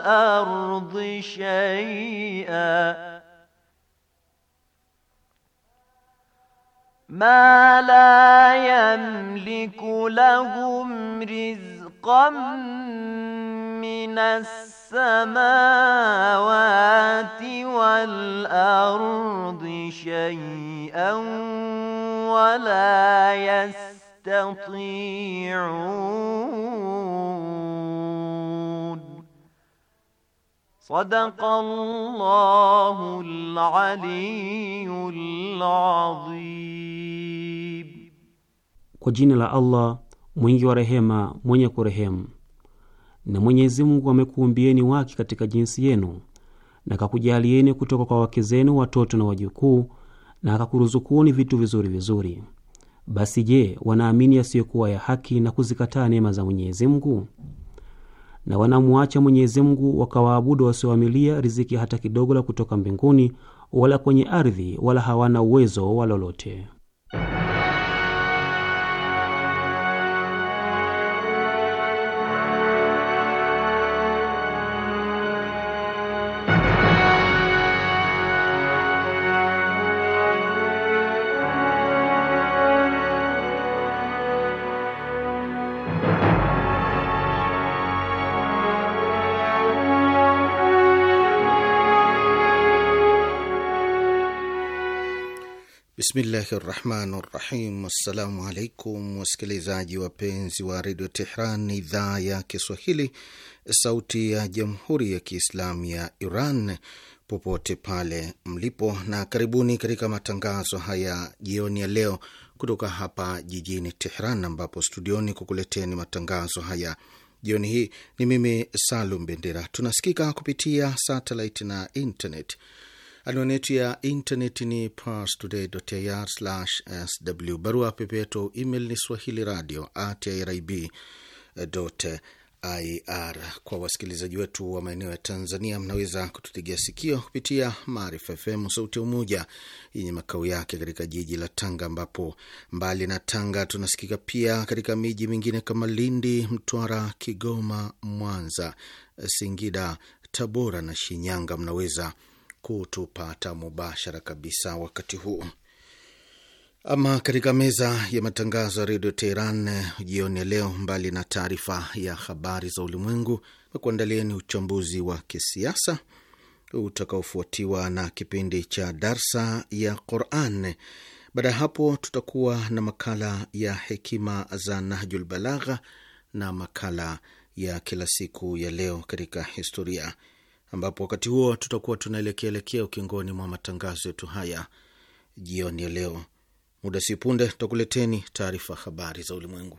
الأرض شيئا ما لا يملك لهم رزقا من السماوات والأرض شيئا ولا يستطيعون Sadaqallahul Aliyyul Adhim. Kwa jina la Allah mwingi wa rehema, mwenye kurehemu. Na Mwenyezi Mungu amekuumbieni wake katika jinsi yenu na akakujalieni kutoka kwa wake zenu watoto na wajukuu na akakuruzukuni vitu vizuri vizuri. Basi je, wanaamini yasiyokuwa ya haki na kuzikataa neema za Mwenyezi Mungu? na wanamuacha Mwenyezi Mungu wakawaabudu wasioamilia riziki hata kidogo la kutoka mbinguni wala kwenye ardhi wala hawana uwezo wa lolote. Bismillahi rahmani rahim. Assalamu alaikum wasikilizaji wapenzi wa redio Tehran, idhaa ya Kiswahili, sauti ya jamhuri ya Kiislamu ya Iran, popote pale mlipo, na karibuni katika matangazo haya jioni ya leo kutoka hapa jijini Tehran, ambapo studioni kukuleteni matangazo haya jioni hii ni mimi Salum Bendera. Tunasikika kupitia satelit na internet. Anwani yetu ya intaneti ni parstoday.ir/sw. Barua pepe yetu email ni swahili radio at ir. Kwa wasikilizaji wetu wa maeneo ya Tanzania, mnaweza kututegea sikio kupitia Maarifa FM sauti ya Umoja yenye makao yake katika jiji la Tanga, ambapo mbali na Tanga tunasikika pia katika miji mingine kama Lindi, Mtwara, Kigoma, Mwanza, Singida, Tabora na Shinyanga. Mnaweza kutupata mubashara kabisa wakati huu. Ama katika meza ya matangazo ya redio Teheran eh, jioni ya leo, mbali na taarifa ya habari za ulimwengu, kuandalieni uchambuzi wa kisiasa utakaofuatiwa na kipindi cha darsa ya Quran. Baada ya hapo, tutakuwa na makala ya hekima za Nahjul Balagha na makala ya kila siku ya leo katika historia ambapo wakati huo tutakuwa tunaelekeaelekea ukingoni mwa matangazo yetu haya jioni ya leo. Muda si punde tutakuleteni taarifa habari za ulimwengu.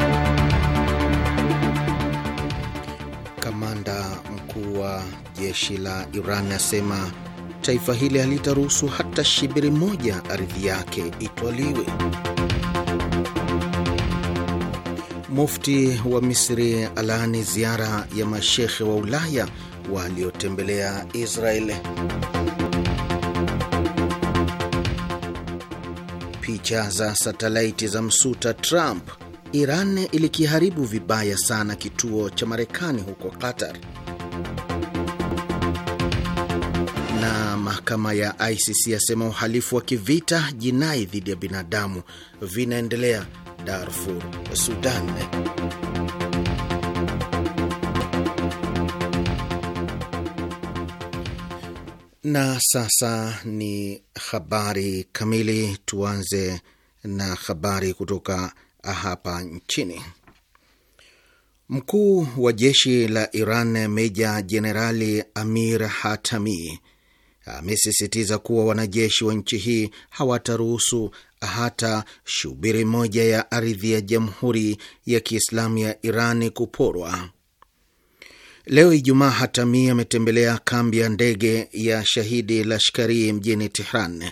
Jeshi la Iran asema taifa hili halitaruhusu hata shibiri moja ardhi yake itwaliwe. Mufti wa Misri alaani ziara ya mashekhe wa Ulaya waliotembelea Israeli. Picha za satelaiti za msuta Trump, Iran ilikiharibu vibaya sana kituo cha Marekani huko Qatar. Mahakama ya ICC yasema uhalifu wa kivita, jinai dhidi ya binadamu vinaendelea Darfur, Sudan. Na sasa ni habari kamili. Tuanze na habari kutoka hapa nchini. Mkuu wa jeshi la Iran meja jenerali Amir Hatami amesisitiza kuwa wanajeshi wa nchi hii hawataruhusu hata shubiri moja ya ardhi ya Jamhuri ya Kiislamu ya Irani kuporwa. Leo Ijumaa, Hatami ametembelea kambi ya ndege ya Shahidi Lashkari mjini Tehran.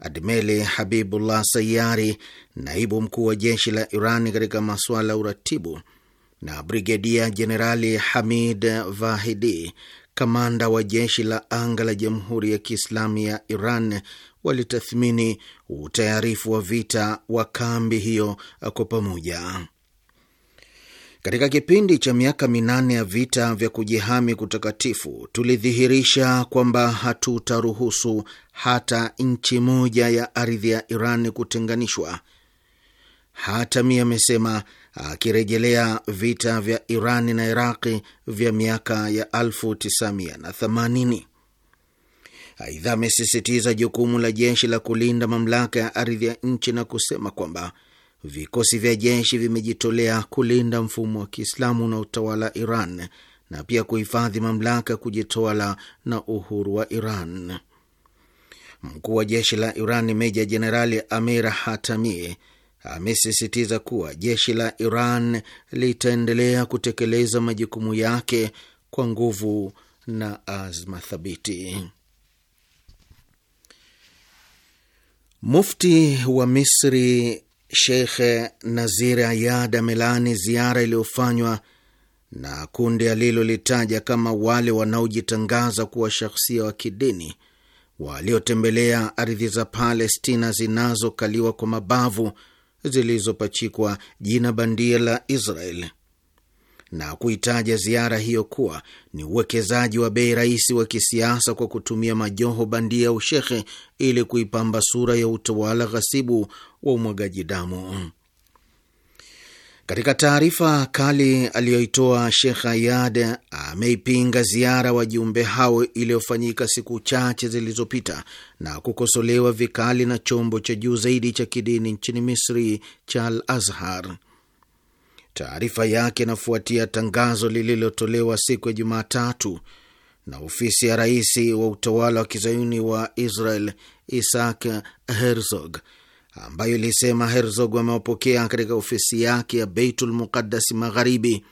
Admeli Habibullah Sayari, naibu mkuu wa jeshi la Irani katika masuala ya uratibu, na Brigedia Jenerali Hamid Vahidi, kamanda wa jeshi la anga la Jamhuri ya Kiislamu ya Iran walitathmini utayarifu wa vita wa kambi hiyo kwa pamoja. Katika kipindi cha miaka minane ya vita vya kujihami kutakatifu, tulidhihirisha kwamba hatutaruhusu hata nchi moja ya ardhi ya Iran kutenganishwa. Hatami amesema akirejelea vita vya Irani na Iraqi vya miaka ya 1980. Aidha, amesisitiza jukumu la jeshi la kulinda mamlaka ya ardhi ya nchi na kusema kwamba vikosi vya jeshi vimejitolea kulinda mfumo wa Kiislamu na utawala Iran na pia kuhifadhi mamlaka kujitawala na uhuru wa Iran. Mkuu wa jeshi la Iran meja jenerali Amir Hatami amesisitiza kuwa jeshi la Iran litaendelea kutekeleza majukumu yake kwa nguvu na azma thabiti. Mufti wa Misri Sheikh Nazir Ayad amelaani ziara iliyofanywa na kundi alilolitaja kama wale wanaojitangaza kuwa shahsia wa kidini waliotembelea ardhi za Palestina zinazokaliwa kwa mabavu zilizopachikwa jina bandia la Israel na kuitaja ziara hiyo kuwa ni uwekezaji wa bei rahisi wa kisiasa kwa kutumia majoho bandia ya ushehe ili kuipamba sura ya utawala ghasibu wa umwagaji damu. Katika taarifa kali aliyoitoa Shekh Ayad ameipinga ziara wajumbe hao iliyofanyika siku chache zilizopita na kukosolewa vikali na chombo cha juu zaidi cha kidini nchini Misri cha Al Azhar. Taarifa yake inafuatia tangazo lililotolewa siku ya Jumatatu na ofisi ya rais wa utawala wa kizayuni wa Israel Isaac Herzog ambayo ilisema Herzog amewapokea katika ofisi yake ya Beitul Muqaddasi Magharibi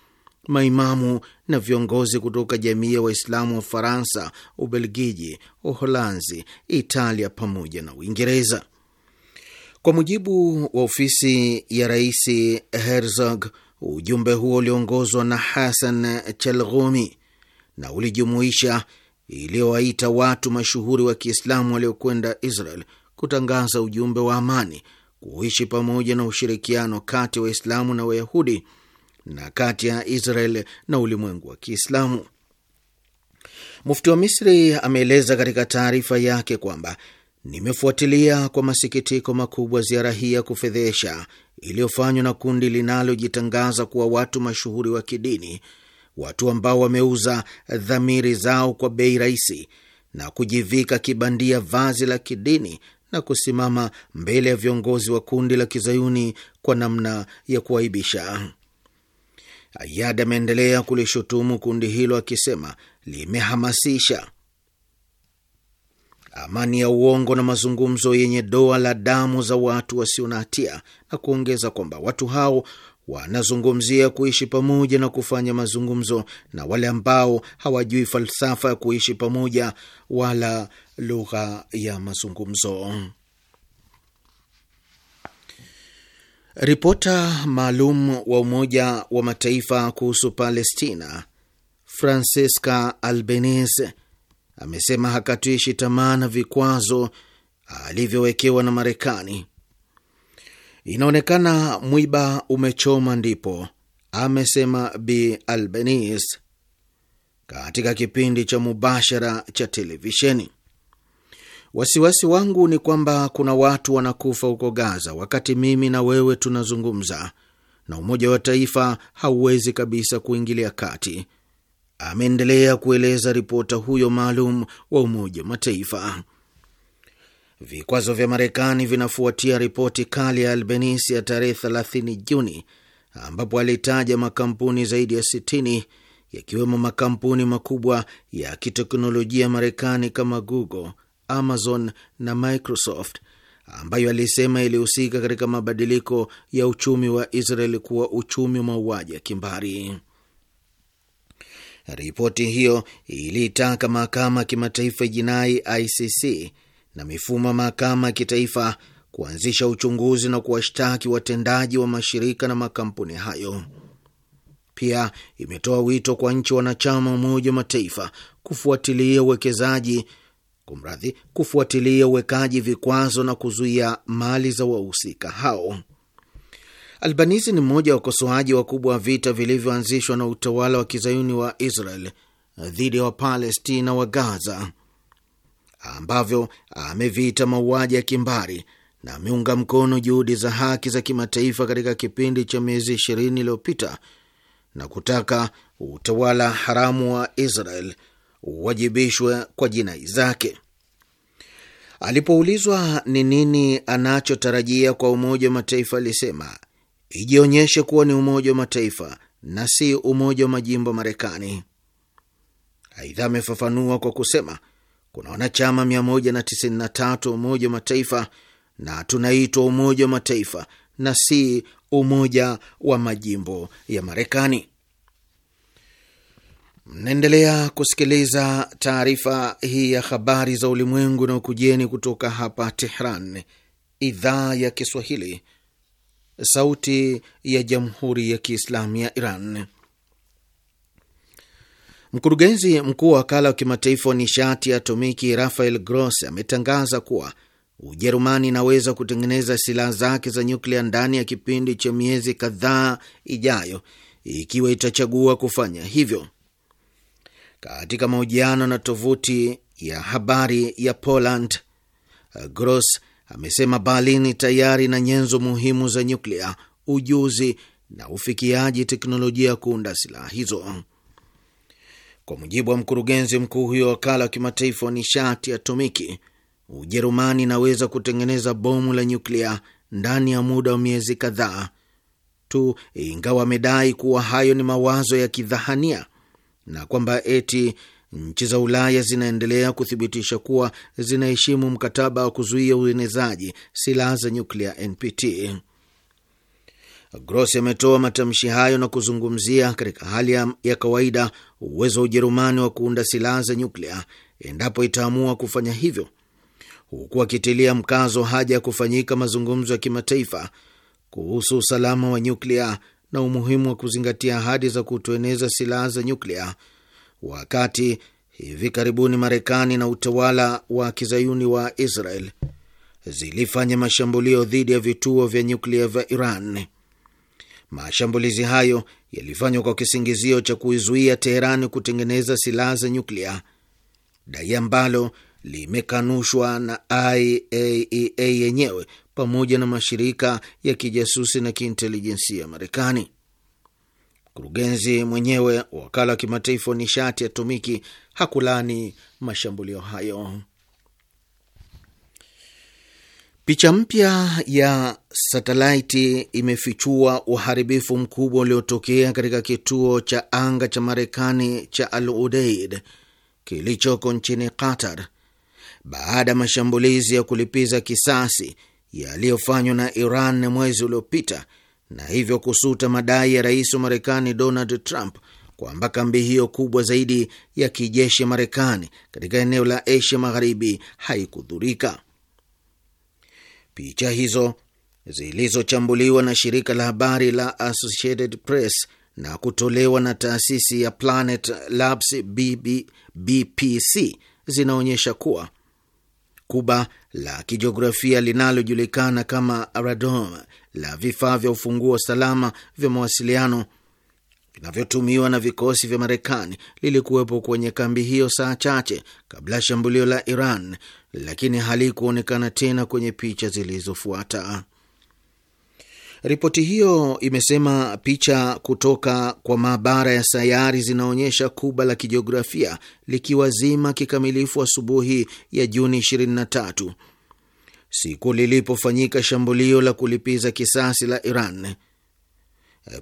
maimamu na viongozi kutoka jamii ya Waislamu wa faransa Ubelgiji, Uholanzi, Italia pamoja na Uingereza. Kwa mujibu wa ofisi ya rais Herzog, ujumbe huo uliongozwa na Hasan Chalghumi na ulijumuisha iliyowaita watu mashuhuri wa Kiislamu waliokwenda Israel kutangaza ujumbe wa amani, kuishi pamoja na ushirikiano kati ya wa Waislamu na Wayahudi na kati ya Israel na ulimwengu wa Kiislamu. Mufti wa Misri ameeleza katika taarifa yake kwamba nimefuatilia kwa masikitiko makubwa ziara hii ya kufedhesha iliyofanywa na kundi linalojitangaza kuwa watu mashuhuri wa kidini, watu ambao wameuza dhamiri zao kwa bei rahisi na kujivika kibandia vazi la kidini na kusimama mbele ya viongozi wa kundi la kizayuni kwa namna ya kuaibisha. Ayad ameendelea kulishutumu kundi hilo akisema limehamasisha amani ya uongo na mazungumzo yenye doa la damu za watu wasio na hatia, na kuongeza kwamba watu hao wanazungumzia kuishi pamoja na kufanya mazungumzo na wale ambao hawajui falsafa ya kuishi pamoja wala lugha ya mazungumzo. Ripota maalum wa Umoja wa Mataifa kuhusu Palestina Francesca Albanese amesema hakatishi tamaa na vikwazo alivyowekewa na Marekani. Inaonekana mwiba umechoma ndipo, amesema Bi Albanese katika kipindi cha mubashara cha televisheni. Wasiwasi wangu ni kwamba kuna watu wanakufa huko Gaza wakati mimi na wewe tunazungumza, na Umoja wa Taifa hauwezi kabisa kuingilia kati, ameendelea kueleza ripota huyo maalum wa Umoja wa Mataifa. Vikwazo vya Marekani vinafuatia ripoti kali ya albenis ya tarehe 30 Juni ambapo alitaja makampuni zaidi ya 60 yakiwemo makampuni makubwa ya kiteknolojia Marekani kama Google Amazon na Microsoft ambayo alisema ilihusika katika mabadiliko ya uchumi wa Israel kuwa uchumi wa mauaji ya kimbari. Ripoti hiyo iliitaka mahakama ya kimataifa jinai ICC na mifumo ya mahakama ya kitaifa kuanzisha uchunguzi na kuwashtaki watendaji wa mashirika na makampuni hayo. Pia imetoa wito kwa nchi wanachama Umoja wa Mataifa kufuatilia uwekezaji kumradhi, kufuatilia uwekaji vikwazo na kuzuia mali za wahusika hao. Albanisi ni mmoja wa wakosoaji wakubwa wa vita vilivyoanzishwa na utawala wa kizayuni wa Israel dhidi ya Wapalestina wa Gaza, ambavyo ameviita mauaji ya kimbari na ameunga mkono juhudi za haki za kimataifa katika kipindi cha miezi ishirini iliyopita na kutaka utawala haramu wa Israel uwajibishwe kwa jinai zake. Alipoulizwa ni nini anachotarajia kwa Umoja wa Mataifa, alisema ijionyeshe kuwa ni Umoja wa Mataifa na si umoja wa majimbo Marekani. Aidha, amefafanua kwa kusema kuna wanachama 193 wa Umoja wa Mataifa na tunaitwa Umoja wa Mataifa na si umoja wa majimbo ya Marekani. Mnaendelea kusikiliza taarifa hii ya habari za ulimwengu na ukujeni kutoka hapa Tehran, idhaa ya Kiswahili, sauti ya jamhuri ya kiislamu ya Iran. Mkurugenzi mkuu wa wakala wa kimataifa wa nishati ya atomiki Rafael Gross ametangaza kuwa Ujerumani inaweza kutengeneza silaha zake za nyuklia ndani ya kipindi cha miezi kadhaa ijayo ikiwa itachagua kufanya hivyo. Katika mahojiano na tovuti ya habari ya Poland, Gross amesema Berlin tayari na nyenzo muhimu za nyuklia, ujuzi na ufikiaji teknolojia ya kuunda silaha hizo. Kwa mujibu wa mkurugenzi mkuu huyo wa wakala wa kimataifa wa nishati atomiki, Ujerumani inaweza kutengeneza bomu la nyuklia ndani ya muda wa miezi kadhaa tu, ingawa amedai kuwa hayo ni mawazo ya kidhahania na kwamba eti nchi za Ulaya zinaendelea kuthibitisha kuwa zinaheshimu mkataba wa kuzuia uenezaji silaha za nyuklia NPT. Grossi ametoa matamshi hayo na kuzungumzia katika hali ya kawaida uwezo wa Ujerumani wa kuunda silaha za nyuklia endapo itaamua kufanya hivyo, huku akitilia mkazo haja ya kufanyika mazungumzo ya kimataifa kuhusu usalama wa nyuklia na umuhimu wa kuzingatia ahadi za kutoeneza silaha za nyuklia, wakati hivi karibuni Marekani na utawala wa kizayuni wa Israel zilifanya mashambulio dhidi ya vituo vya nyuklia vya Iran. Mashambulizi hayo yalifanywa kwa kisingizio cha kuizuia Teherani kutengeneza silaha za nyuklia, dai ambalo limekanushwa na IAEA e yenyewe pamoja na mashirika ya kijasusi na kiintelijensia ya Marekani. Mkurugenzi mwenyewe wa wakala wa kimataifa wa nishati ya hakulani mashambulio hayo. Picha mpya ya satelaiti imefichua uharibifu mkubwa uliotokea katika kituo cha anga cha Marekani cha Al Udeid kilichoko nchini Qatar baada ya mashambulizi ya kulipiza kisasi yaliyofanywa na Iran mwezi uliopita na hivyo kusuta madai ya rais wa Marekani Donald Trump kwamba kambi hiyo kubwa zaidi ya kijeshi ya Marekani katika eneo la Asia Magharibi haikudhurika. Picha hizo zilizochambuliwa na shirika la habari la Associated Press na kutolewa na taasisi ya Planet Labs BB, BPC zinaonyesha kuwa Kuba la kijiografia linalojulikana kama radom la vifaa vya ufunguo salama vya mawasiliano vinavyotumiwa na vikosi vya Marekani lilikuwepo kwenye kambi hiyo saa chache kabla ya shambulio la Iran, lakini halikuonekana tena kwenye picha zilizofuata. Ripoti hiyo imesema picha kutoka kwa maabara ya sayari zinaonyesha kuba la kijiografia likiwa zima kikamilifu asubuhi ya Juni 23 siku lilipofanyika shambulio la kulipiza kisasi la Iran.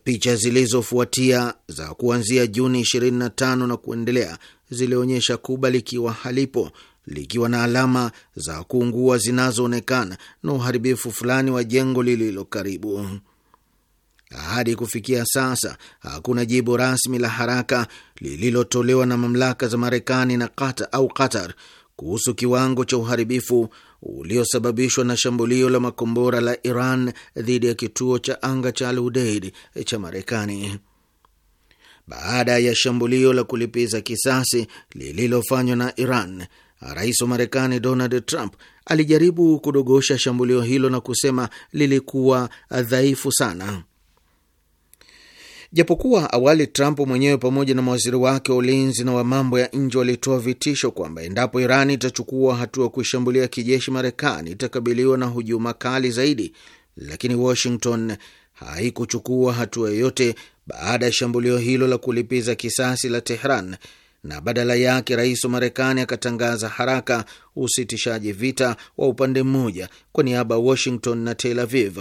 Picha zilizofuatia za kuanzia Juni 25 na kuendelea zilionyesha kuba likiwa halipo likiwa na alama za kuungua zinazoonekana na uharibifu fulani wa jengo lililo karibu. Hadi kufikia sasa hakuna jibu rasmi la haraka lililotolewa na mamlaka za Marekani na Qatar au Qatar kuhusu kiwango cha uharibifu uliosababishwa na shambulio la makombora la Iran dhidi ya kituo cha anga cha Al Udeid cha Marekani baada ya shambulio la kulipiza kisasi lililofanywa na Iran Rais wa Marekani Donald Trump alijaribu kudogosha shambulio hilo na kusema lilikuwa dhaifu sana. Japokuwa awali Trump mwenyewe pamoja na mawaziri wake wa ulinzi na wa mambo ya nje walitoa vitisho kwamba endapo Irani itachukua hatua kuishambulia kijeshi Marekani itakabiliwa na hujuma kali zaidi, lakini Washington haikuchukua hatua yoyote baada ya shambulio hilo la kulipiza kisasi la Tehran na badala yake rais wa Marekani akatangaza haraka usitishaji vita wa upande mmoja kwa niaba ya Washington na Tel Aviv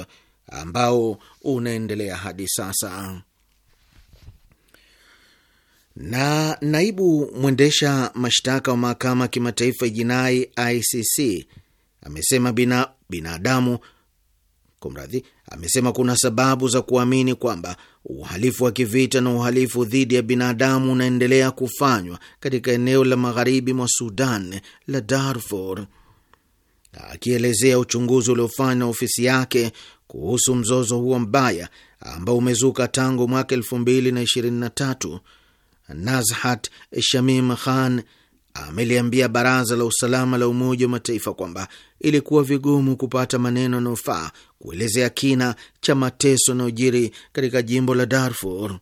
ambao unaendelea hadi sasa. Na naibu mwendesha mashtaka wa mahakama ya kimataifa ya jinai ICC amesema binadamu, kumradhi, amesema kuna sababu za kuamini kwamba uhalifu wa kivita na uhalifu dhidi ya binadamu unaendelea kufanywa katika eneo la magharibi mwa Sudan la Darfur. Akielezea uchunguzi uliofanywa na ofisi yake kuhusu mzozo huo mbaya ambao umezuka tangu mwaka 2023, Nazhat Shamim Khan ameliambia Baraza la Usalama la Umoja wa Mataifa kwamba ilikuwa vigumu kupata maneno yanayofaa kuelezea kina cha mateso yanayojiri katika jimbo la Darfur.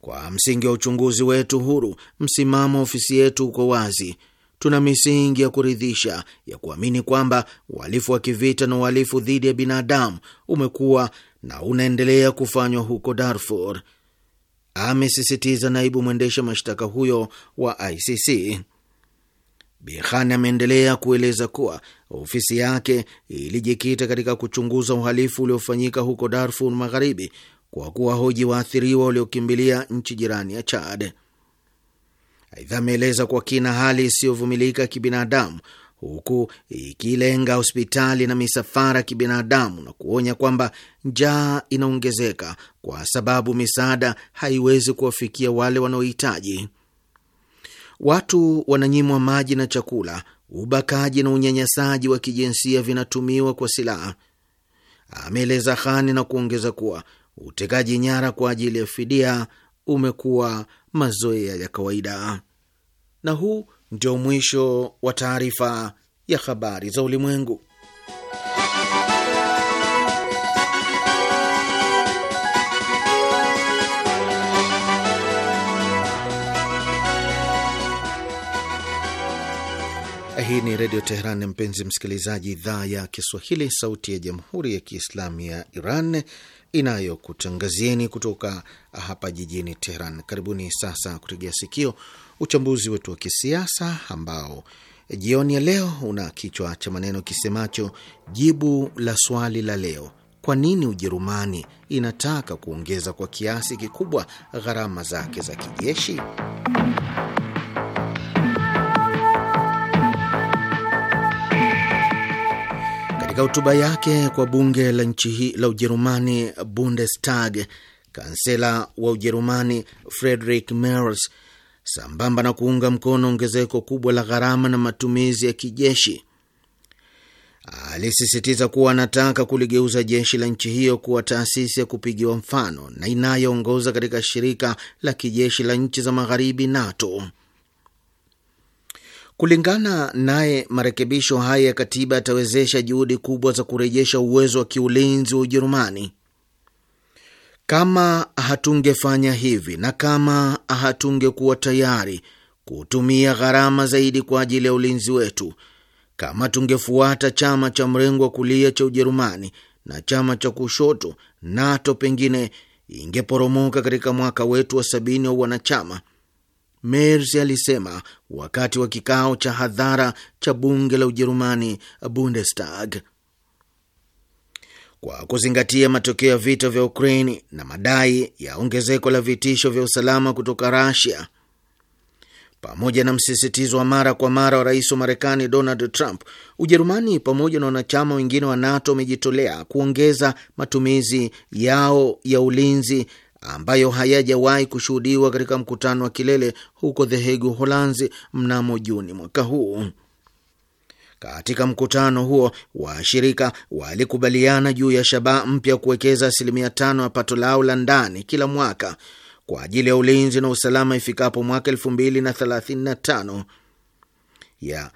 Kwa msingi wa uchunguzi wetu huru, msimamo wa ofisi yetu uko wazi. Tuna misingi ya kuridhisha ya kuamini kwamba uhalifu wa kivita na uhalifu dhidi ya binadamu umekuwa na unaendelea kufanywa huko Darfur amesisitiza naibu mwendesha mashtaka huyo wa ICC. Bi Khan ameendelea kueleza kuwa ofisi yake ilijikita katika kuchunguza uhalifu uliofanyika huko Darfur Magharibi kwa kuwahoji waathiriwa waliokimbilia nchi jirani ya Chad. Aidha, ameeleza kwa kina hali isiyovumilika kibinadamu huku ikilenga hospitali na misafara ya kibinadamu na kuonya kwamba njaa inaongezeka kwa sababu misaada haiwezi kuwafikia wale wanaohitaji. Watu wananyimwa maji na chakula. Ubakaji na unyanyasaji wa kijinsia vinatumiwa kwa silaha, ameeleza Khani na kuongeza kuwa utekaji nyara kwa ajili ya fidia umekuwa mazoea ya kawaida. Na huu ndio mwisho wa taarifa ya habari za ulimwengu. Hii ni Redio Teheran, mpenzi msikilizaji, idhaa ya Kiswahili, sauti ya jamhuri ya Kiislamu ya Iran inayokutangazieni kutoka hapa jijini Teheran. Karibuni sasa kutegea sikio uchambuzi wetu wa kisiasa ambao jioni ya leo una kichwa cha maneno kisemacho jibu la swali la leo: kwa nini Ujerumani inataka kuongeza kwa kiasi kikubwa gharama zake za kijeshi? Katika hotuba yake kwa bunge la nchi hii la Ujerumani, Bundestag, kansela wa Ujerumani Friedrich Merz sambamba na kuunga mkono ongezeko kubwa la gharama na matumizi ya kijeshi. Alisisitiza kuwa anataka kuligeuza jeshi la nchi hiyo kuwa taasisi ya kupigiwa mfano na inayoongoza katika shirika la kijeshi la nchi za magharibi NATO. Kulingana naye, marekebisho haya ya katiba yatawezesha juhudi kubwa za kurejesha uwezo wa kiulinzi wa Ujerumani. Kama hatungefanya hivi na kama hatungekuwa tayari kutumia gharama zaidi kwa ajili ya ulinzi wetu, kama tungefuata chama cha mrengo wa kulia cha Ujerumani na chama cha kushoto NATO, pengine ingeporomoka katika mwaka wetu wa sabini wa wanachama, Merz alisema wakati wa kikao cha hadhara cha bunge la Ujerumani, Bundestag kwa kuzingatia matokeo ya vita vya Ukraini na madai ya ongezeko la vitisho vya usalama kutoka Rasia pamoja na msisitizo wa mara kwa mara wa rais wa Marekani Donald Trump, Ujerumani pamoja na wanachama wengine wa NATO wamejitolea kuongeza matumizi yao ya ulinzi ambayo hayajawahi kushuhudiwa katika mkutano wa kilele huko The Hague, Holanzi mnamo Juni mwaka huu. Katika mkutano huo washirika walikubaliana juu ya shabaha mpya kuwekeza asilimia tano ya pato lao la ndani kila mwaka kwa ajili ya ulinzi na usalama ifikapo mwaka elfu mbili na thelathini na tano ya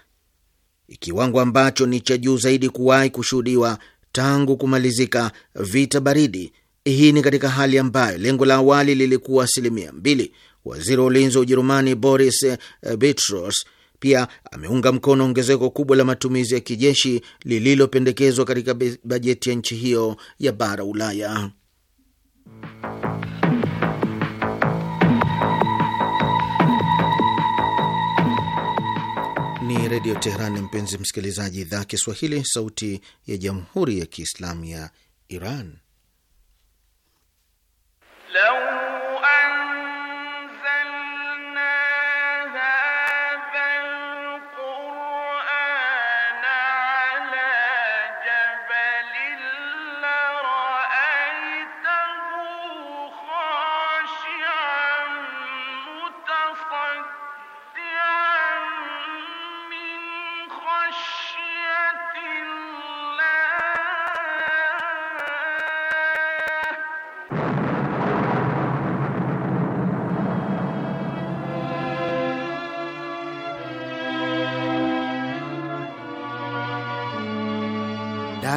kiwango ambacho ni cha juu zaidi kuwahi kushuhudiwa tangu kumalizika vita baridi. Hii ni katika hali ambayo lengo la awali lilikuwa asilimia mbili. Waziri wa ulinzi wa Ujerumani Boris eh, Pistorius pia ameunga mkono ongezeko kubwa la matumizi ya kijeshi lililopendekezwa katika bajeti ya nchi hiyo ya bara Ulaya. Ni Redio Teheran, mpenzi msikilizaji, idhaa Kiswahili, sauti ya jamhuri ya kiislamu ya Iran. Hello.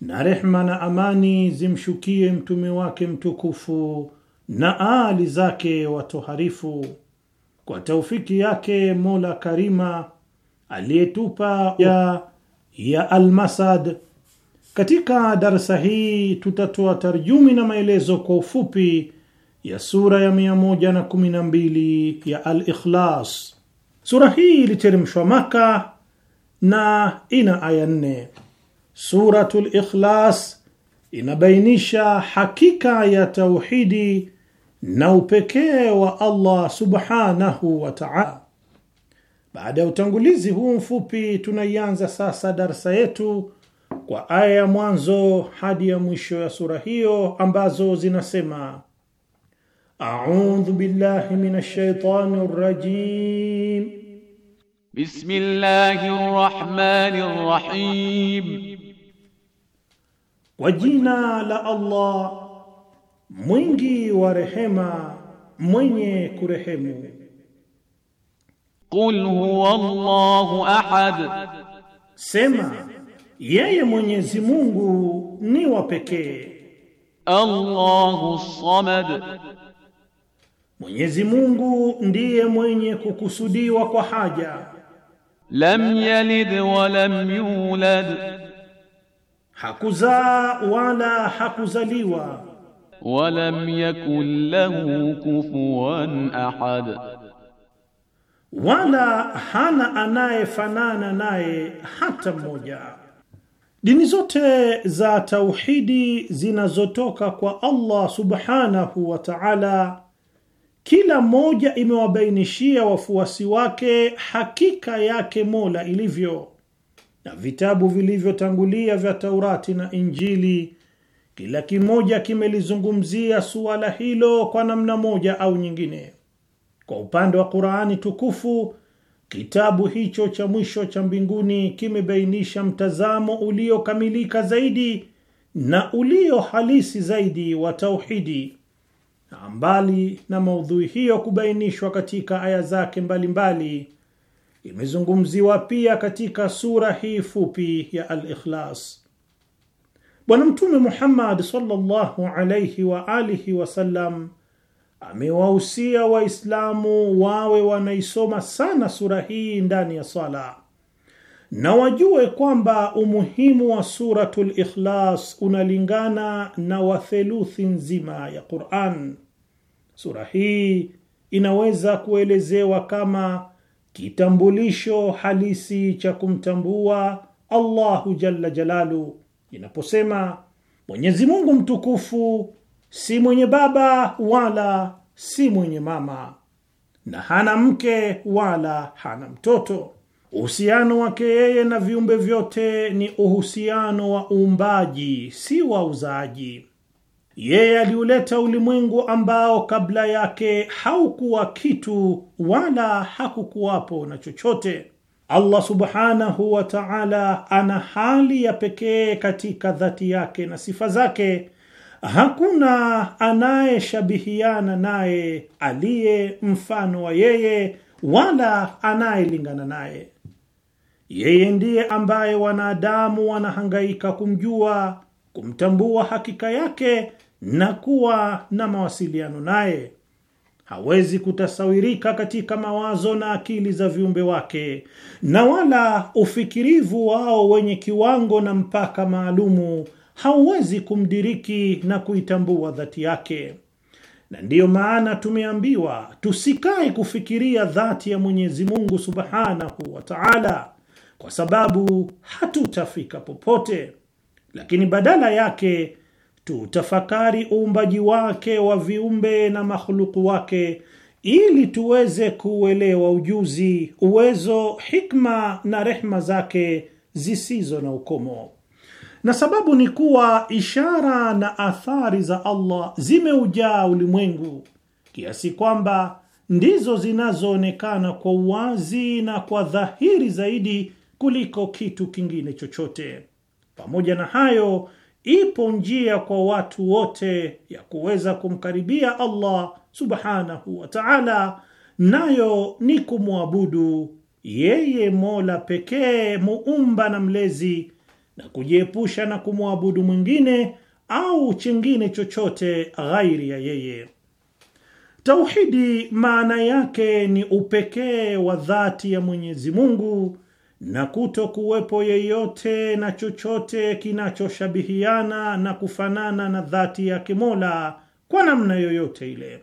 na rehma na amani zimshukie mtume wake mtukufu na aali zake watoharifu. Kwa taufiki yake Mola Karima aliyetupa ya, ya Almasad. Katika darsa hii tutatoa tarjumi na maelezo kwa ufupi ya sura ya 112 ya alikhlas Sura hii iliteremshwa Maka na ina aya nne. Suratul Ikhlas inabainisha hakika ya tauhidi na upekee wa Allah subhanahu wa ta'ala. Baada ya utangulizi huu mfupi, tunaianza sasa darsa yetu kwa aya ya mwanzo hadi ya mwisho ya sura hiyo ambazo zinasema: audhu billahi minash shaitani rajim, bismillahir rahmanir rahim kwa jina la Allah mwingi wa rehema, mwenye kurehemu. Qul huwa Allahu ahad, sema yeye Mwenyezi Mungu ni wa pekee. Allahu samad, Mwenyezi Mungu ndiye mwenye kukusudiwa kwa haja. Lam yalid wa lam yulad hakuzaa wala hakuzaliwa. Walam yakun lahu kufuwan ahad, wala hana anayefanana naye hata mmoja. Dini zote za tauhidi zinazotoka kwa Allah subhanahu wa ta'ala, kila mmoja imewabainishia wafuasi wake hakika yake Mola ilivyo na vitabu vilivyotangulia vya Taurati na Injili, kila kimoja kimelizungumzia suala hilo kwa namna moja au nyingine. Kwa upande wa Qur'ani tukufu, kitabu hicho cha mwisho cha mbinguni kimebainisha mtazamo uliokamilika zaidi na ulio halisi zaidi wa tauhidi. Na mbali na maudhui hiyo kubainishwa katika aya zake mbalimbali mbali, imezungumziwa pia katika sura hii fupi ya Al-Ikhlas. Bwana Mtume Muhammad sallallahu alayhi wa alihi wasallam amewahusia Waislamu wawe wanaisoma sana sura hii ndani ya sala, na wajue kwamba umuhimu wa Suratul Ikhlas unalingana na watheluthi nzima ya Quran. Sura hii inaweza kuelezewa kama kitambulisho halisi cha kumtambua Allahu jalla jalalu, inaposema Mwenyezi Mungu mtukufu si mwenye baba wala si mwenye mama na hana mke wala hana mtoto. Uhusiano wake yeye na viumbe vyote ni uhusiano wa uumbaji, si wa uzaaji. Yeye aliuleta ulimwengu ambao kabla yake haukuwa kitu wala hakukuwapo na chochote. Allah subhanahu wa ta'ala ana hali ya pekee katika dhati yake na sifa zake. Hakuna anayeshabihiana naye, aliye mfano wa yeye, wala anayelingana naye. Yeye ndiye ambaye wanadamu wanahangaika kumjua, kumtambua hakika yake na kuwa na mawasiliano naye hawezi kutasawirika katika mawazo na akili za viumbe wake, na wala ufikirivu wao wenye kiwango na mpaka maalumu hauwezi kumdiriki na kuitambua dhati yake. Na ndiyo maana tumeambiwa tusikae kufikiria dhati ya Mwenyezi Mungu Subhanahu wa Ta'ala, kwa sababu hatutafika popote, lakini badala yake tutafakari uumbaji wake wa viumbe na makhluku wake ili tuweze kuuelewa ujuzi, uwezo, hikma na rehma zake zisizo na ukomo. Na sababu ni kuwa ishara na athari za Allah zimeujaa ulimwengu kiasi kwamba ndizo zinazoonekana kwa uwazi na kwa dhahiri zaidi kuliko kitu kingine chochote. Pamoja na hayo, ipo njia kwa watu wote ya kuweza kumkaribia Allah subhanahu wa ta'ala, nayo ni kumwabudu yeye Mola pekee muumba na mlezi, na kujiepusha na kumwabudu mwingine au chingine chochote ghairi ya yeye. Tauhidi maana yake ni upekee wa dhati ya Mwenyezi Mungu na kutokuwepo yeyote na chochote kinachoshabihiana na kufanana na dhati ya kimola kwa namna yoyote ile.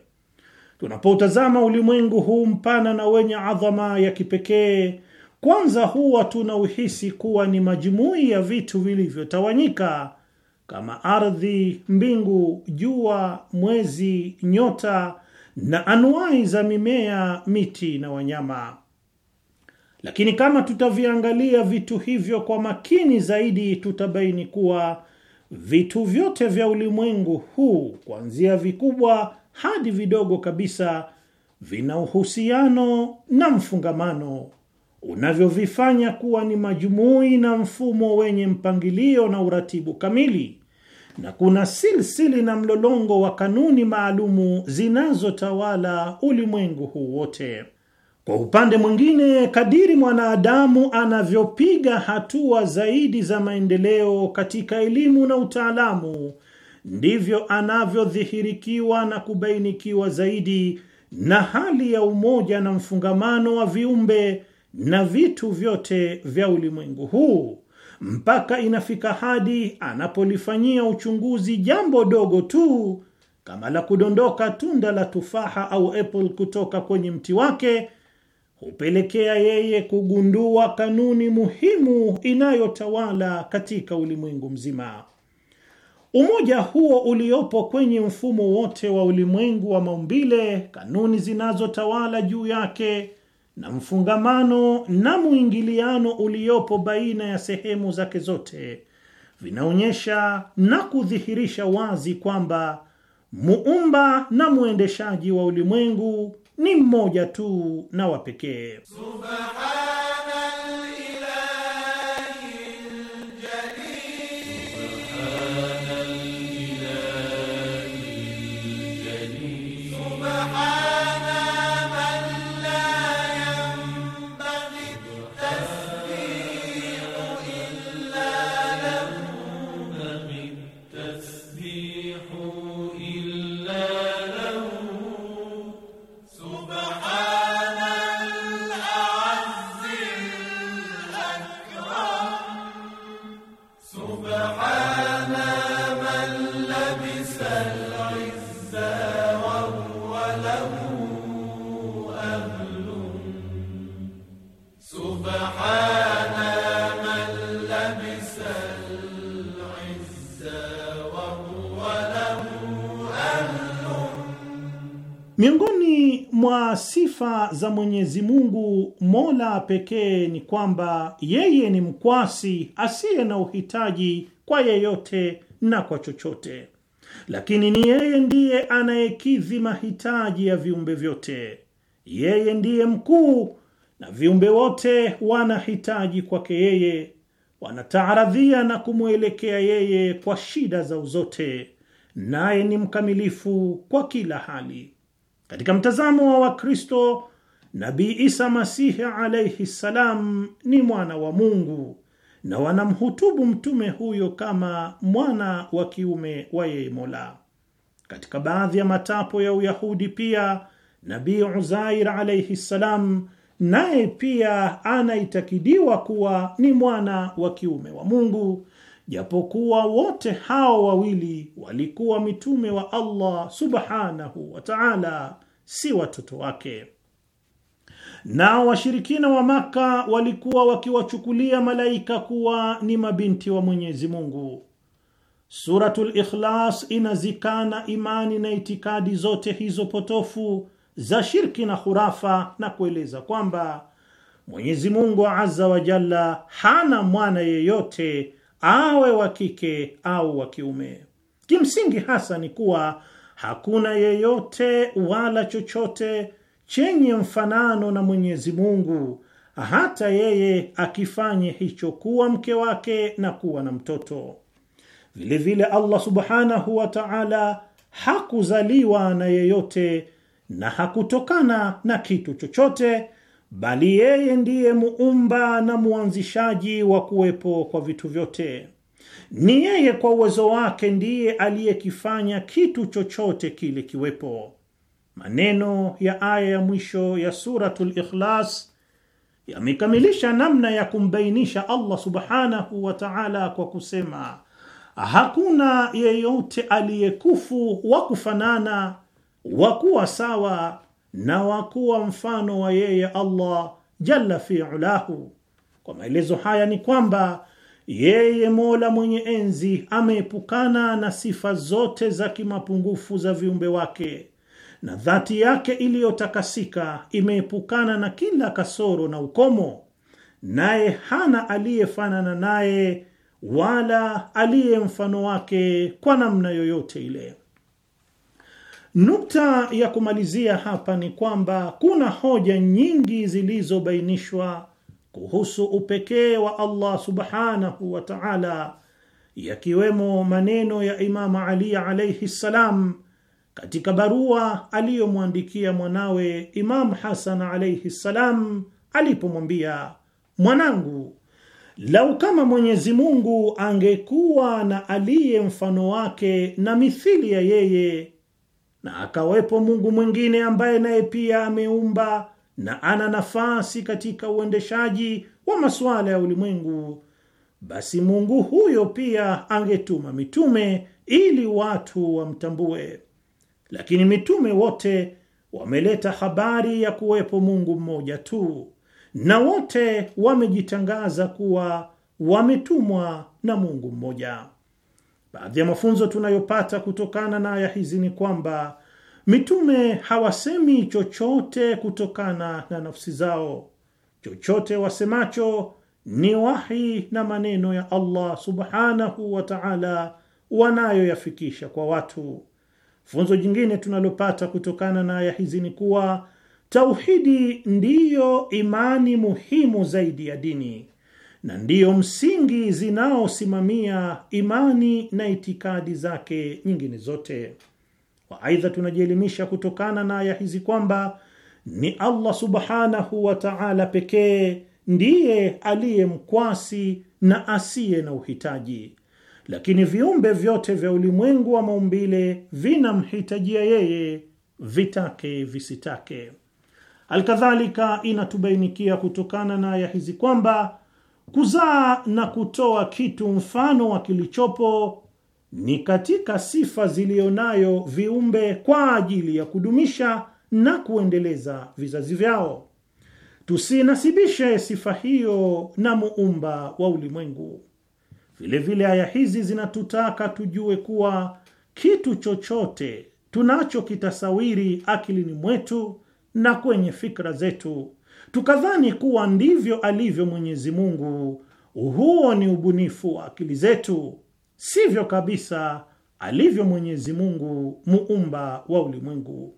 Tunapoutazama ulimwengu huu mpana na wenye adhama ya kipekee, kwanza huwa tunauhisi kuwa ni majumui ya vitu vilivyotawanyika kama ardhi, mbingu, jua, mwezi, nyota na anuai za mimea, miti na wanyama. Lakini kama tutaviangalia vitu hivyo kwa makini zaidi, tutabaini kuwa vitu vyote vya ulimwengu huu, kuanzia vikubwa hadi vidogo kabisa, vina uhusiano na mfungamano unavyovifanya kuwa ni majumui na mfumo wenye mpangilio na uratibu kamili, na kuna silsili na mlolongo wa kanuni maalumu zinazotawala ulimwengu huu wote. Kwa upande mwingine, kadiri mwanadamu anavyopiga hatua zaidi za maendeleo katika elimu na utaalamu, ndivyo anavyodhihirikiwa na kubainikiwa zaidi na hali ya umoja na mfungamano wa viumbe na vitu vyote vya ulimwengu huu, mpaka inafika hadi anapolifanyia uchunguzi jambo dogo tu kama la kudondoka tunda la tufaha au apple kutoka kwenye mti wake hupelekea yeye kugundua kanuni muhimu inayotawala katika ulimwengu mzima. Umoja huo uliopo kwenye mfumo wote wa ulimwengu wa maumbile, kanuni zinazotawala juu yake, na mfungamano na mwingiliano uliopo baina ya sehemu zake zote vinaonyesha na kudhihirisha wazi kwamba muumba na mwendeshaji wa ulimwengu ni mmoja tu na wa pekee. za Mwenyezi Mungu Mola pekee ni kwamba yeye ni mkwasi asiye na uhitaji kwa yeyote na kwa chochote, lakini ni yeye ndiye anayekidhi mahitaji ya viumbe vyote. Yeye ndiye mkuu na viumbe wote wanahitaji kwake yeye, wanataaradhia na kumwelekea yeye kwa shida zao zote, naye ni mkamilifu kwa kila hali. Katika mtazamo wa Wakristo Nabii Isa Masihi alaihi ssalam ni mwana wa Mungu na wanamhutubu mtume huyo kama mwana wa kiume wa yeye Mola. Katika baadhi ya matapo ya Uyahudi pia Nabii Uzair alaihi ssalam naye pia anaitakidiwa kuwa ni mwana wa kiume wa Mungu, japokuwa wote hao wawili walikuwa mitume wa Allah subhanahu wa taala, si watoto wake. Nao washirikina wa Maka walikuwa wakiwachukulia malaika kuwa ni mabinti wa Mwenyezi Mungu. Suratul Ikhlas inazikana imani na itikadi zote hizo potofu za shirki na khurafa na kueleza kwamba Mwenyezi Mungu Azza wa Jalla hana mwana yeyote awe wa kike au wa kiume. Kimsingi hasa ni kuwa hakuna yeyote wala chochote chenye mfanano na Mwenyezi Mungu, hata yeye akifanye hicho kuwa mke wake na kuwa na mtoto. vilevile vile Allah subhanahu wa ta'ala hakuzaliwa na yeyote na hakutokana na kitu chochote, bali yeye ndiye muumba na mwanzishaji wa kuwepo kwa vitu vyote. Ni yeye kwa uwezo wake ndiye aliyekifanya kitu chochote kile kiwepo. Maneno ya aya ya mwisho ya Suratul Ikhlas yamekamilisha namna ya kumbainisha Allah subhanahu wa ta'ala kwa kusema, hakuna yeyote aliyekufu wa kufanana wa kuwa sawa na wa kuwa mfano wa yeye Allah jalla fiulahu. Kwa maelezo haya ni kwamba yeye Mola mwenye enzi ameepukana na sifa zote za kimapungufu za viumbe wake na dhati yake iliyotakasika imeepukana na kila kasoro na ukomo, naye hana aliyefanana naye wala aliye mfano wake kwa namna yoyote ile. Nukta ya kumalizia hapa ni kwamba kuna hoja nyingi zilizobainishwa kuhusu upekee wa Allah subhanahu wa ta'ala, yakiwemo maneno ya imamu Ali alayhi salam katika barua aliyomwandikia mwanawe Imam Hasan alaihi ssalam, alipomwambia mwanangu, lau kama Mwenyezi Mungu angekuwa na aliye mfano wake na mithili ya yeye, na akawepo Mungu mwingine ambaye naye pia ameumba na ana nafasi katika uendeshaji wa masuala ya ulimwengu, basi Mungu huyo pia angetuma mitume ili watu wamtambue lakini mitume wote wameleta habari ya kuwepo Mungu mmoja tu, na wote wamejitangaza kuwa wametumwa na Mungu mmoja. Baadhi ya mafunzo tunayopata kutokana na aya hizi ni kwamba mitume hawasemi chochote kutokana na nafsi zao. Chochote wasemacho ni wahi na maneno ya Allah subhanahu wa ta'ala wanayoyafikisha kwa watu. Funzo jingine tunalopata kutokana na aya hizi ni kuwa tauhidi ndiyo imani muhimu zaidi ya dini na ndiyo msingi zinaosimamia imani na itikadi zake nyingine zote. Wa aidha, tunajielimisha kutokana na aya hizi kwamba ni Allah subhanahu wa ta'ala pekee ndiye aliye mkwasi na asiye na uhitaji lakini viumbe vyote vya ulimwengu wa maumbile vinamhitajia yeye, vitake visitake. Alkadhalika, inatubainikia kutokana na aya hizi kwamba kuzaa na kutoa kitu mfano wa kilichopo ni katika sifa zilionayo viumbe kwa ajili ya kudumisha na kuendeleza vizazi vyao. Tusinasibishe sifa hiyo na muumba wa ulimwengu. Vilevile aya hizi zinatutaka tujue kuwa kitu chochote tunachokitasawiri akilini mwetu na kwenye fikra zetu tukadhani kuwa ndivyo alivyo Mwenyezi Mungu, huo ni ubunifu wa akili zetu. Sivyo kabisa alivyo Mwenyezi Mungu, muumba wa ulimwengu.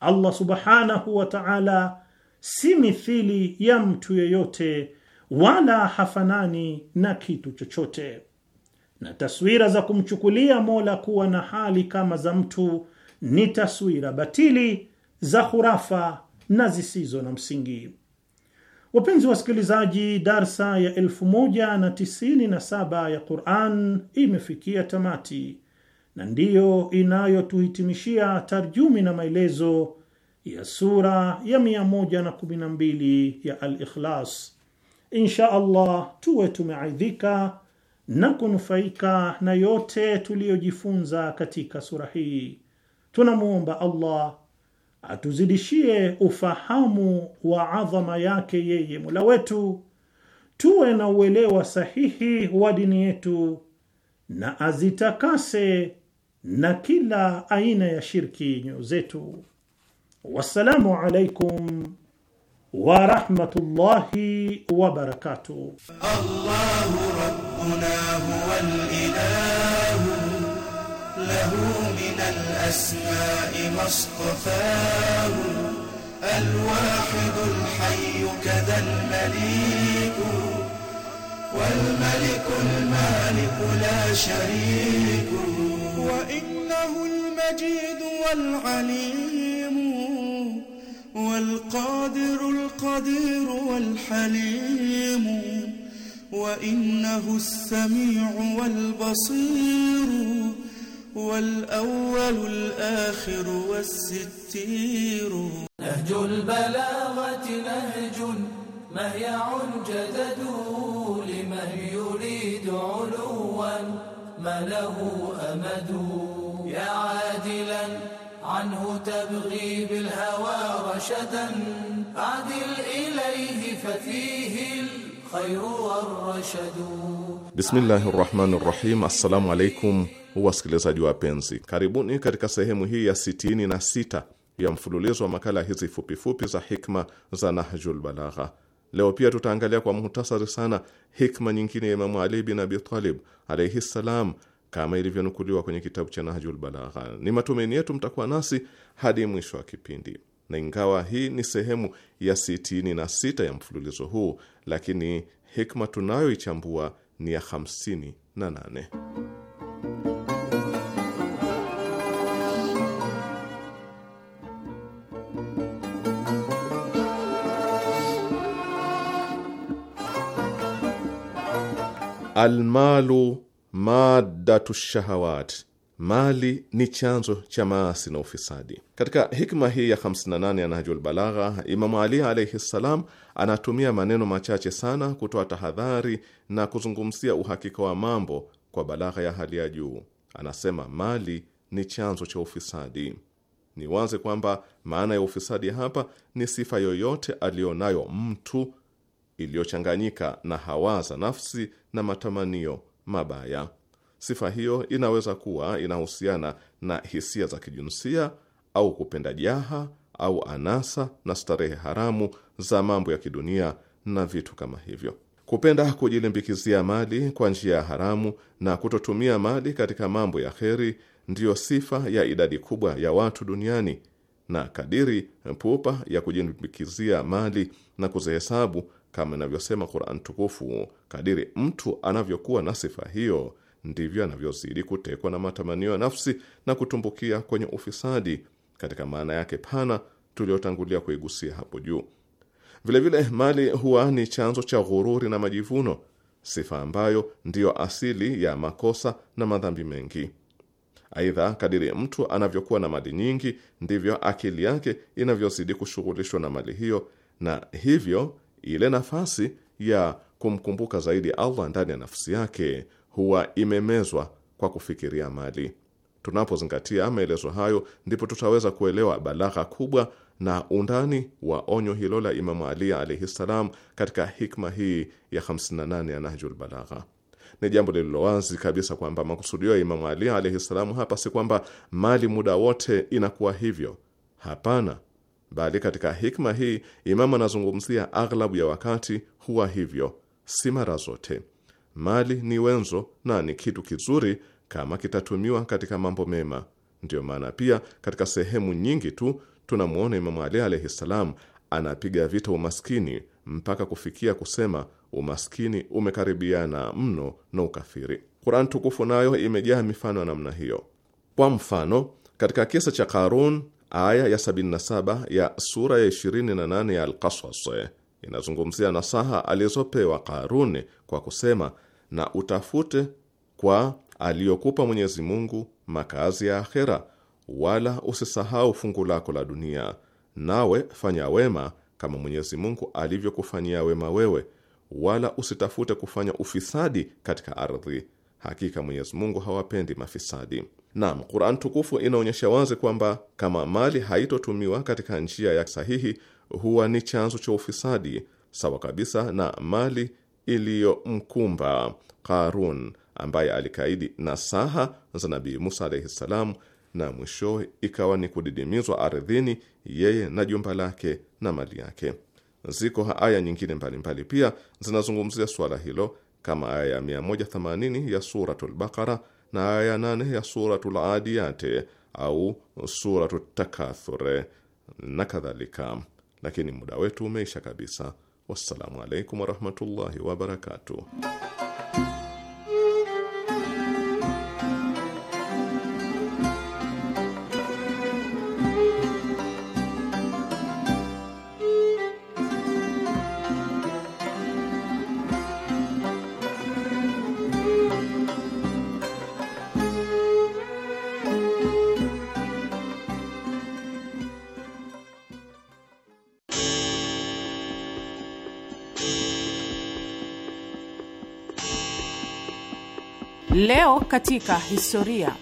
Allah subhanahu wa ta'ala si mithili ya mtu yeyote wala hafanani na kitu chochote, na taswira za kumchukulia Mola kuwa na hali kama za mtu ni taswira batili za hurafa na zisizo na msingi. Wapenzi wasikilizaji, darsa ya 1097 ya Quran imefikia tamati na ndiyo inayotuhitimishia tarjumi na maelezo ya sura ya 112 ya Al-Ikhlas. Insha Allah tuwe tumeaidhika na kunufaika na yote tuliyojifunza katika sura hii. Tunamwomba Allah atuzidishie ufahamu wa adhama yake yeye Mola wetu, tuwe na uelewa sahihi wa dini yetu, na azitakase na kila aina ya shirki nyoyo zetu. Wassalamu alaikum ورحمة الله وبركاته الله ربنا هو الإله له من الأسماء ما اصطفاه الواحد الحي كذا المليك والملك المالك لا شريك وإنه المجيد والعليم والقادر القدير والحليم وإنه السميع والبصير والأول الآخر والستير نهج البلاغة نهج مهيع جدد لمن يريد علوا ما له أمد يا عادلا عنه تبغي بالهوى رشدا عدل إليه ففيه الخير والرشد Bismillahi rahmani rahim. Assalamu alaikum wasikilizaji wapenzi, karibuni katika sehemu hii ya sitini na sita ya mfululizo wa makala hizi fupifupi za hikma za Nahjul Balagha. Leo pia tutaangalia kwa muhtasari sana hikma nyingine ya Imamu Ali bin Abi Talib alaihi ssalam kama ilivyonukuliwa kwenye kitabu cha Nahjul Balagha. Ni matumaini yetu mtakuwa nasi hadi mwisho wa kipindi, na ingawa hii ni sehemu ya sitini na sita ya mfululizo huu, lakini hikma tunayoichambua ni ya hamsini na nane. Almalu madatu shahawat, mali ni chanzo cha maasi na ufisadi. Katika hikma hii ya 58 ya Nahjul Balagha, Imamu Ali alaihi ssalam anatumia maneno machache sana kutoa tahadhari na kuzungumzia uhakika wa mambo kwa balagha ya hali ya juu. Anasema mali ni chanzo cha ufisadi. Ni wazi kwamba maana ya ufisadi hapa ni sifa yoyote aliyonayo mtu iliyochanganyika na hawa za nafsi na matamanio mabaya. Sifa hiyo inaweza kuwa inahusiana na hisia za kijinsia au kupenda jaha au anasa na starehe haramu za mambo ya kidunia na vitu kama hivyo. Kupenda kujilimbikizia mali kwa njia ya haramu na kutotumia mali katika mambo ya kheri ndiyo sifa ya idadi kubwa ya watu duniani, na kadiri pupa ya kujilimbikizia mali na kuzihesabu kama inavyosema Qur'an tukufu, kadiri mtu anavyokuwa na sifa hiyo ndivyo anavyozidi kutekwa na matamanio ya nafsi na kutumbukia kwenye ufisadi katika maana yake pana tuliyotangulia kuigusia hapo juu. Vilevile, mali huwa ni chanzo cha ghururi na majivuno, sifa ambayo ndiyo asili ya makosa na madhambi mengi. Aidha, kadiri mtu anavyokuwa na mali nyingi, ndivyo akili yake inavyozidi kushughulishwa na mali hiyo, na hivyo ile nafasi ya kumkumbuka zaidi Allah ndani ya nafsi yake huwa imemezwa kwa kufikiria mali. Tunapozingatia maelezo hayo, ndipo tutaweza kuelewa balagha kubwa na undani wa onyo hilo la Imamu Ali alaihi ssalam katika hikma hii ya 58 ya Nahjul Balagha. Ni jambo lililo wazi kabisa kwamba makusudio ya Imamu Ali alaihi ssalam hapa si kwamba mali muda wote inakuwa hivyo. Hapana, bali katika hikma hii Imamu anazungumzia aghlabu ya wakati huwa hivyo, si mara zote. Mali ni wenzo na ni kitu kizuri kama kitatumiwa katika mambo mema. Ndiyo maana pia katika sehemu nyingi tu tunamwona Imamu Ali alaihi ssalam anapiga vita umaskini mpaka kufikia kusema umaskini umekaribiana mno na ukafiri. Kurani tukufu nayo imejaa mifano ya namna hiyo. Kwa mfano katika kisa cha Karun aya ya 77 ya sura ya 28 ya Al-Qasas inazungumzia nasaha alizopewa Karuni kwa kusema, na utafute kwa aliyokupa Mwenyezi Mungu makazi ya akhera, wala usisahau fungu lako la dunia, nawe fanya wema kama Mwenyezi Mungu alivyokufanyia wema wewe, wala usitafute kufanya ufisadi katika ardhi. Hakika Mwenyezi Mungu hawapendi mafisadi. Naam, Qur'an tukufu inaonyesha wazi kwamba kama mali haitotumiwa katika njia ya sahihi huwa ni chanzo cha ufisadi, sawa kabisa na mali iliyomkumba Qarun ambaye alikaidi nasaha za Nabii Musa alayhi salam na mwisho ikawa ni kudidimizwa ardhini yeye na jumba lake na mali yake. Ziko aya nyingine mbalimbali pia zinazungumzia suala hilo kama aya ya 180 ya Suratul Baqara na aya nane ya suratu ladiyate au Suratu Takathure na kadhalika, lakini muda wetu umeisha kabisa. Wassalamu alaikum warahmatullahi wabarakatuh. Leo katika historia.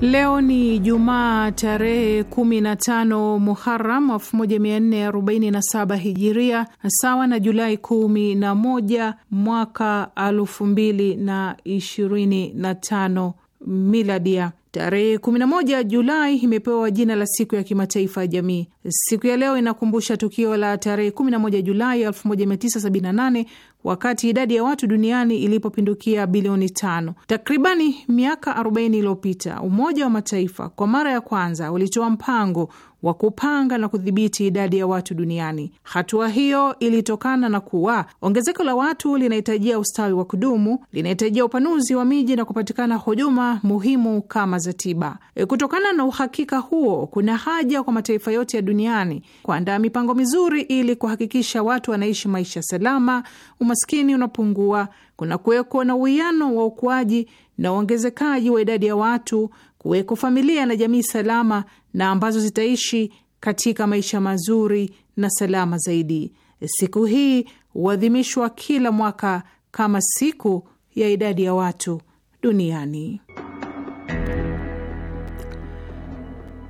Leo ni Jumaa tarehe 15 Muharam 1447 Hijiria, sawa na Julai 11 mwaka 2025 Miladia. Tarehe 11 Julai imepewa jina la siku ya kimataifa ya jamii. Siku ya leo inakumbusha tukio la tarehe 11 Julai 1978 wakati idadi ya watu duniani ilipopindukia bilioni tano. Takribani miaka 40 iliyopita, Umoja wa Mataifa kwa mara ya kwanza ulitoa mpango wa kupanga na kudhibiti idadi ya watu duniani. Hatua hiyo ilitokana na kuwa ongezeko la watu linahitajia ustawi wa kudumu, linahitajia upanuzi wa miji na kupatikana huduma muhimu kama za tiba. E, kutokana na uhakika huo, kuna haja kwa mataifa yote ya duniani kuandaa mipango mizuri ili kuhakikisha watu wanaishi maisha salama, umaskini unapungua, kuna kuwekwa na uwiano wa ukuaji na uongezekaji wa idadi ya watu kuweko familia na jamii salama na ambazo zitaishi katika maisha mazuri na salama zaidi. Siku hii huadhimishwa kila mwaka kama siku ya idadi ya watu duniani.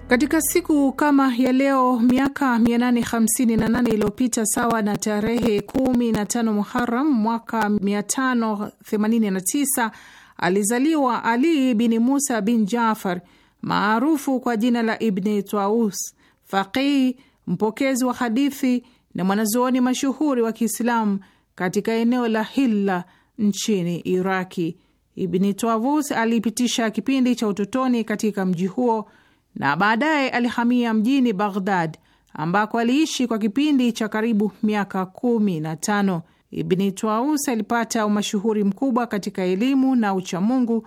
Katika siku kama ya leo miaka 858 iliyopita, sawa na tarehe 15 Muharam mwaka 589 alizaliwa Ali bin Musa bin Jafar maarufu kwa jina la Ibni Taus, faqihi, mpokezi wa hadithi na mwanazuoni mashuhuri wa Kiislamu katika eneo la Hilla nchini Iraki. Ibni Tawus alipitisha kipindi cha utotoni katika mji huo na baadaye alihamia mjini Baghdad ambako aliishi kwa kipindi cha karibu miaka kumi na tano. Ibni Twaus alipata umashuhuri mkubwa katika elimu na uchamungu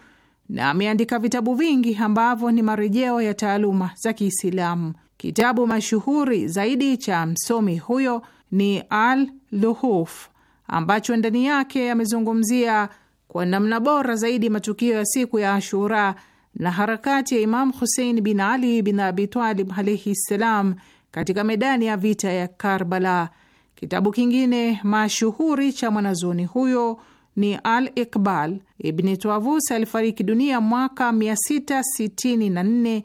na ameandika vitabu vingi ambavyo ni marejeo ya taaluma za Kiislamu. Kitabu mashuhuri zaidi cha msomi huyo ni Al Luhuf, ambacho ndani yake amezungumzia kwa namna bora zaidi matukio ya siku ya Ashura na harakati ya Imam Husein bin Ali bin abitalib alaihi ssalam katika medani ya vita ya Karbala Kitabu kingine mashuhuri cha mwanazuoni huyo ni Al Iqbal. Ibni Twavus alifariki dunia mwaka 664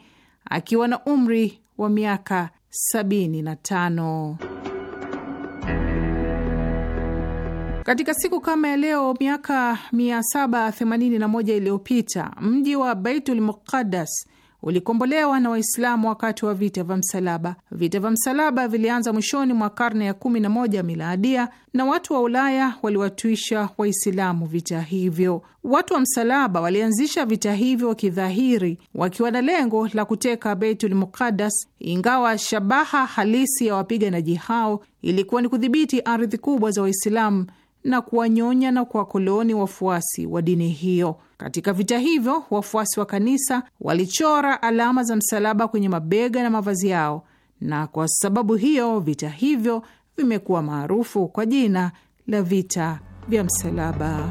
akiwa na umri wa miaka 75. Katika siku kama ya leo miaka 781 iliyopita mji wa Baitul Muqaddas ulikombolewa na Waislamu wakati wa vita vya msalaba. Vita vya msalaba vilianza mwishoni mwa karne ya 11 miladia, na watu wa Ulaya waliwatwisha Waislamu vita hivyo. Watu wa msalaba walianzisha vita hivyo kidhahiri, wakiwa na lengo la kuteka Beitul Muqaddas, ingawa shabaha halisi ya wapiganaji hao ilikuwa ni kudhibiti ardhi kubwa za Waislamu na kuwanyonya na kuwakoloni wafuasi wa dini hiyo. Katika vita hivyo, wafuasi wa kanisa walichora alama za msalaba kwenye mabega na mavazi yao, na kwa sababu hiyo vita hivyo vimekuwa maarufu kwa jina la vita vya msalaba.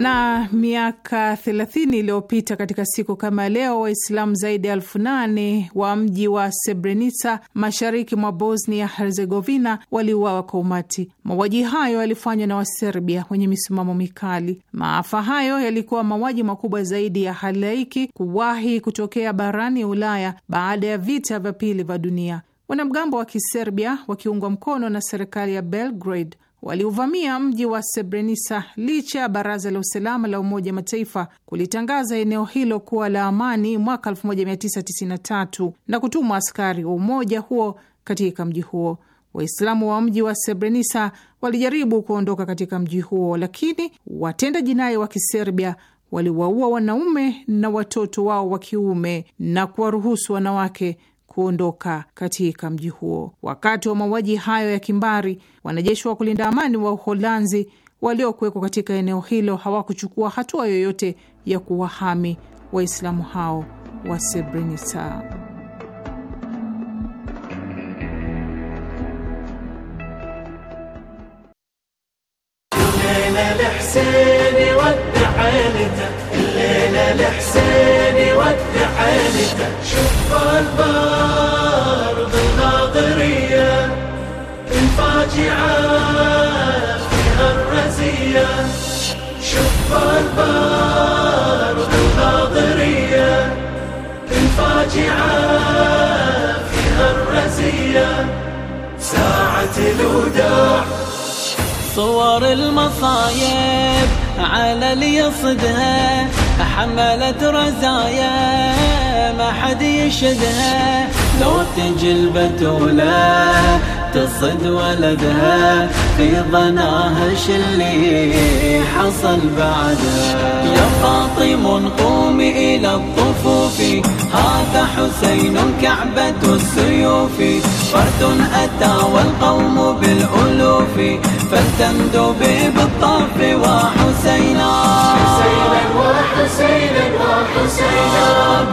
Na miaka 30 iliyopita katika siku kama leo, Waislamu zaidi ya elfu nane wa mji wa Srebrenica mashariki mwa Bosnia Herzegovina waliuawa kwa umati. Mauaji hayo yalifanywa na Waserbia wenye misimamo mikali. Maafa hayo yalikuwa mauaji makubwa zaidi ya halaiki kuwahi kutokea barani Ulaya baada ya vita vya pili vya dunia. Wanamgambo wa Kiserbia wakiungwa mkono na serikali ya Belgrade waliuvamia mji wa Srebrenica licha ya baraza la usalama la Umoja Mataifa kulitangaza eneo hilo kuwa la amani mwaka 1993 na kutumwa askari wa umoja huo katika mji huo. Waislamu wa mji wa Srebrenica walijaribu kuondoka katika mji huo, lakini watenda jinai wa Kiserbia waliwaua wanaume na watoto wao wa kiume na kuwaruhusu wanawake kuondoka katika mji huo. Wakati wa mauaji hayo ya kimbari, wanajeshi wa kulinda amani wa Uholanzi waliokuwekwa katika eneo hilo hawakuchukua hatua yoyote ya kuwahami Waislamu hao wa Srebrenica. خلينا الحسين يودع عينته شوف البار بالناظرية الفاجعة فيها الرزية شوف البار بالناظرية الفاجعة فيها الرزية ساعة الوداع صور المصايب على اليصدها حملت رزايا ما حد يشدها لو تجي البتولة تصد ولدها في ظناها شلي حصل بعدها يا فاطم قومي إلى الطفوف هذا حسين كعبة السيوف فرد أتى والقوم بالألوف فلتندبي بالطرف وحسينا وحسينا وحسينا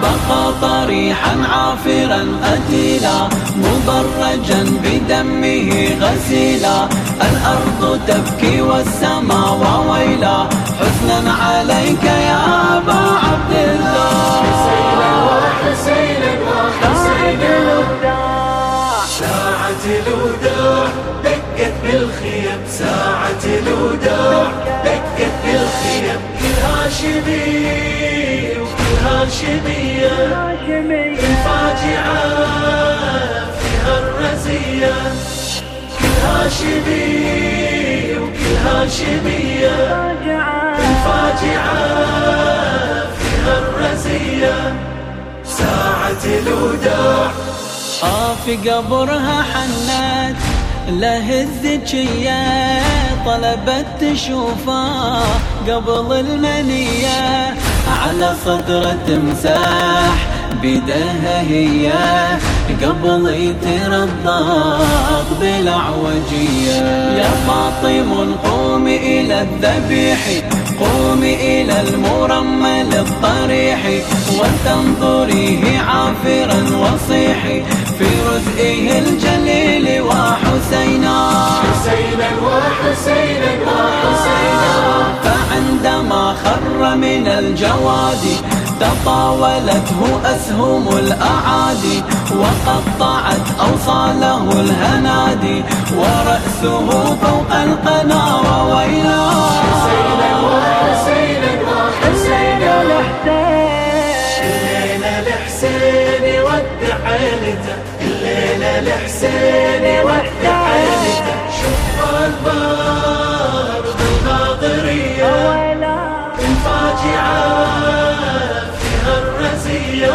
بقى طريحا عافرا قتيلا مبرجا بدمه غسيلا الأرض تبكي والسماء وويلا حزنا عليك يا أبا عبد الله حسينا وحسينا وحسينا ساعة الوداع دقت بالخيم ساعة الوداع دقت بالخيم الهاشمية هاشمية الفاجعة فيها الرزية الهاشمية الهاشمية الفاجعة فيها الرزية ساعة الوداع آه في قبرها حنات له الذكية طلبت تشوفه قبل المنية على صدره تمساح بيدها هي قبل اقبل عوجية يا فاطم قومي إلى الذبيح قومي إلى المرمل الطريح وتنظريه عافرا وصيحي في رزقه الجليل وحسينا حسينا وحسينا وحسينا فعندما خر من الجواد تطاولته أسهم الأعادي وقطعت أوصاله الهنادي ورأسه فوق القنا وويلا حسينا وحسينا حسيني وقت عيني شوف البار بالناظرية الفاجعة فيها الرزية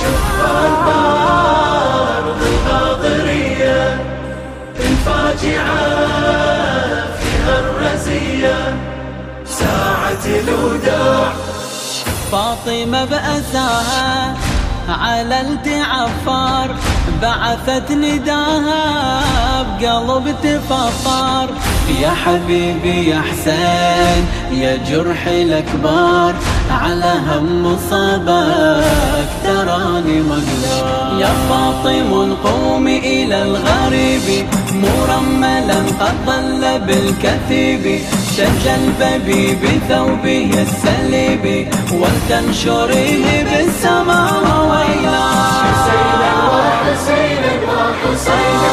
شوف البار بالناظرية الفاجعة فيها الرزية ساعة الوداع فاطمة بأساها على التعفار بعثت نداها بقلب تفطر يا حبيبي يا حسين يا جرحي الاكبر على هم مصابك تراني مقدار يا فاطم قومي الى الغريب مرملا قد ظل بالكثيب شج الببي بثوبه السليب ولتنشريه بالسماء ويلا حسين وحسين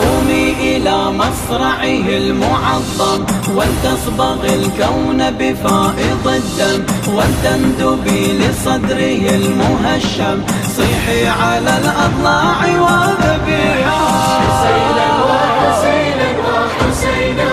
قومي إلى مصرعه المعظم ولتصبغ الكون بفائض الدم ولتندبي لصدره المهشم صيحي على الأضلاع وذبيحا حسينا وحسينا وحسينا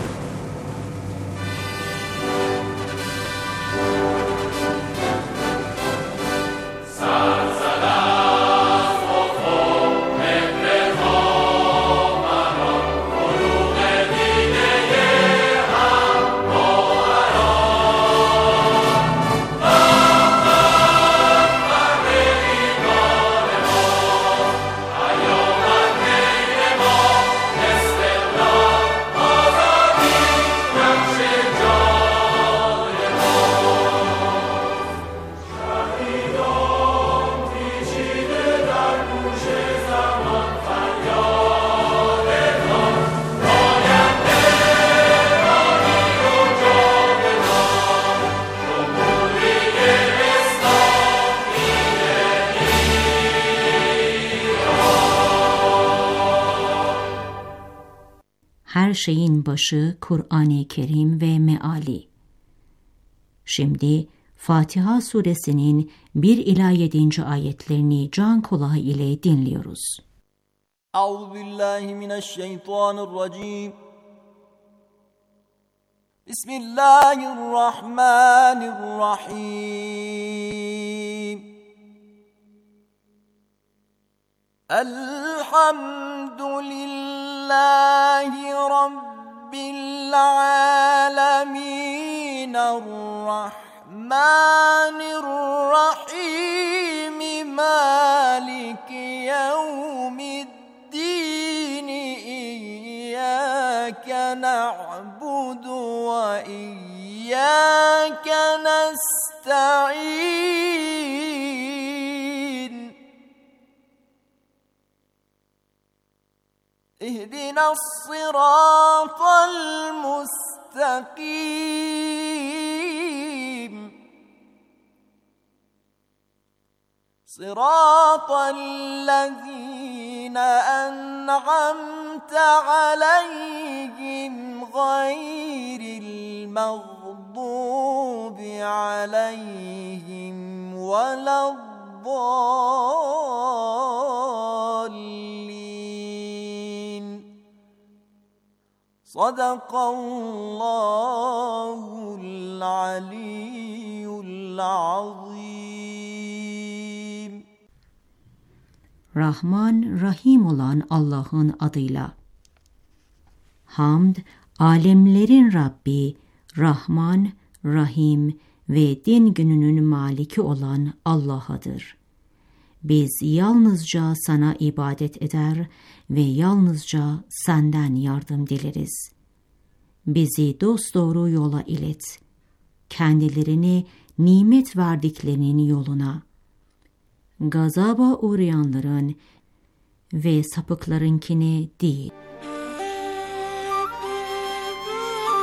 şeyin başı Kur'an-ı Kerim ve meali. Şimdi Fatiha suresinin 1 ila 7. ayetlerini can kulağı ile dinliyoruz. Euzubillahimineşşeytanirracim. Bismillahirrahmanirrahim. Elhamdülillah لله رب العالمين الرحمن الرحيم مالك يوم الدين إياك نعبد وإياك نستعين اهدنا الصراط المستقيم صراط الذين انعمت عليهم غير المغضوب عليهم ولا الضالين Sadakallahul aliyyul azim. Rahman, Rahim olan Allah'ın adıyla. Hamd, alemlerin Rabbi, Rahman, Rahim ve din gününün maliki olan Allah'adır. Biz yalnızca sana ibadet eder ve yalnızca senden yardım dileriz. Bizi dosdoğru yola ilet. Kendilerini nimet verdiklerinin yoluna. Gazaba uğrayanların ve sapıklarınkini değil.''